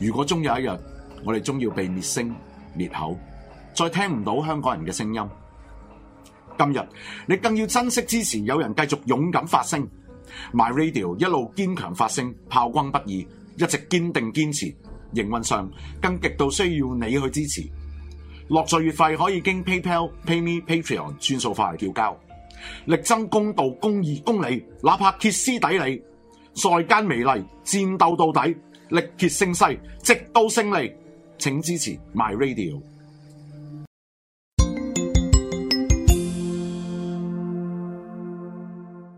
如果終有一日，我哋終要被滅聲滅口，再聽唔到香港人嘅聲音。今日你更要珍惜之前有人繼續勇敢發聲，MyRadio 一路堅強發聲，炮轟不已，一直堅定堅持。營運上更極度需要你去支持。落座月費可以經 PayPal、PayMe、Patreon 轉數快嚟繳交，力爭公道、公義、公理，哪怕歇斯底里。在艱危亦，戰鬥到底，力竭聲嘶，直到勝利。請支持 My Radio。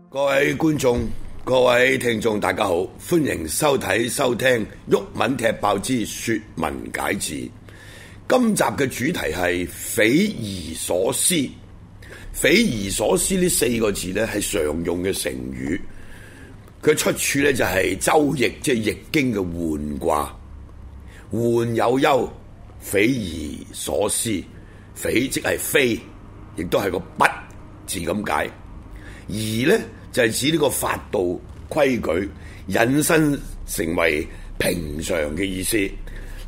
各位觀眾、各位聽眾，大家好，歡迎收睇、收聽《毓民踢爆之說文解字》。今集嘅主題係“匪夷所思”。“匪夷所思”呢四個字呢，係常用嘅成語。佢出處咧，就係《周易》，即係《易經》嘅換卦。換有憂，匪夷所思。匪即係非，亦都係個不字咁解。而呢，就係、是、指呢個法度規矩，引申成為平常嘅意思。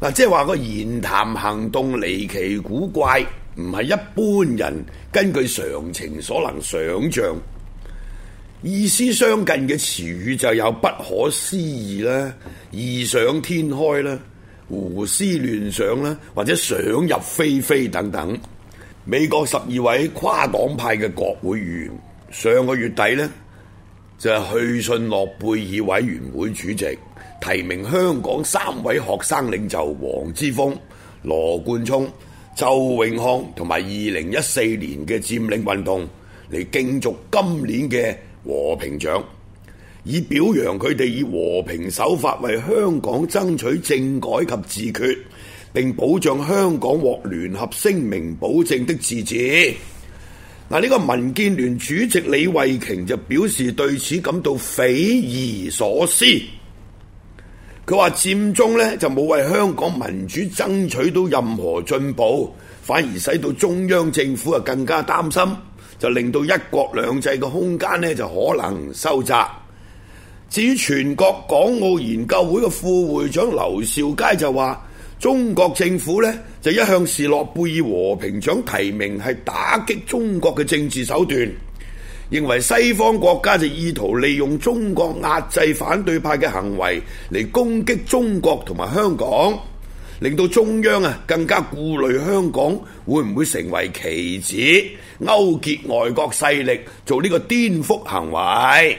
嗱，即係話個言談行動離奇古怪，唔係一般人根據常情所能想象。意思相近嘅詞語就有不可思議啦、異想天開啦、胡思亂想啦，或者想入非非等等。美國十二位跨黨派嘅國會員上個月底呢，就係、是、去信諾貝爾委員會主席，提名香港三位學生領袖黃之鋒、羅冠聰、周永康，同埋二零一四年嘅佔領運動嚟競逐今年嘅和平獎，以表揚佢哋以和平手法為香港爭取政改及自決，並保障香港獲聯合聲明保證的自治。嗱，呢個民建聯主席李慧瓊就表示對此感到匪夷所思。佢話佔中呢就冇為香港民主爭取到任何進步，反而使到中央政府啊更加擔心。就令到一國兩制嘅空間呢，就可能收窄。至於全國港澳研究會嘅副會長劉兆佳就話，中國政府呢，就一向視諾貝爾和平獎提名係打擊中國嘅政治手段，認為西方國家就意圖利用中國壓制反對派嘅行為嚟攻擊中國同埋香港。令到中央啊更加顧慮香港會唔會成為棋子，勾結外國勢力做呢個顛覆行為。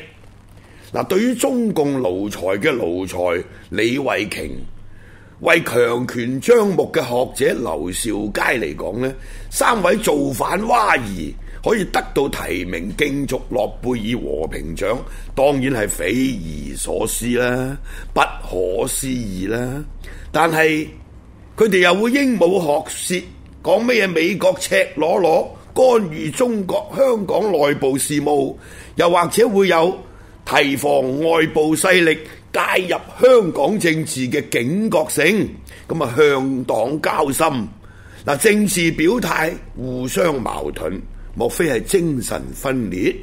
嗱，對於中共奴才嘅奴才李慧瓊，為強權張目嘅學者劉兆佳嚟講咧，三位造反娃兒可以得到提名競逐諾貝爾和平獎，當然係匪夷所思啦，不可思議啦。但係，佢哋又會鸚鵡學舌講咩嘢，美國赤裸裸干預中國香港內部事務，又或者會有提防外部勢力介入香港政治嘅警覺性，咁啊向黨交心嗱，政治表態互相矛盾，莫非係精神分裂？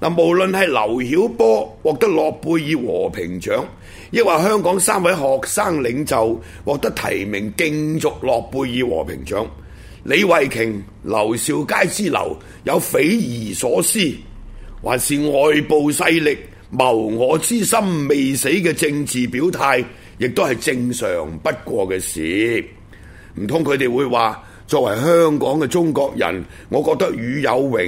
嗱，無論係劉曉波獲得諾貝爾和平獎，亦或香港三位學生領袖獲得提名競逐諾貝爾和平獎，李慧瓊、劉少佳之流有匪夷所思，還是外部勢力謀我之心未死嘅政治表態，亦都係正常不過嘅事。唔通佢哋會話，作為香港嘅中國人，我覺得與有榮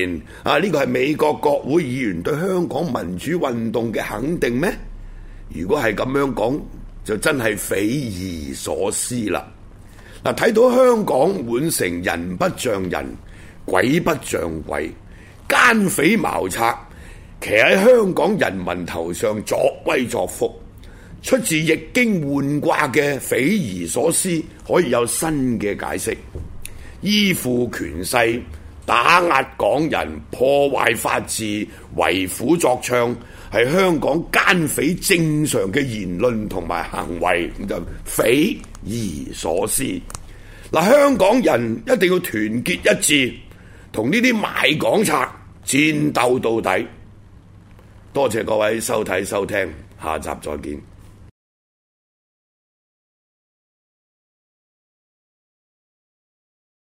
焉。啊，呢個係美國國會議員對香港民主運動嘅肯定咩？如果係咁樣講，就真係匪夷所思啦！嗱、啊，睇到香港滿城人不像人，鬼不像鬼，奸匪蟊賊，騎喺香港人民頭上作威作福。出自易經換卦嘅匪夷所思，可以有新嘅解釋。依附權勢、打壓港人、破壞法治、為虎作倀，係香港奸匪正常嘅言論同埋行為，咁就匪夷所思。嗱，香港人一定要團結一致，同呢啲賣港賊戰鬥到底。多謝各位收睇收聽，下集再見。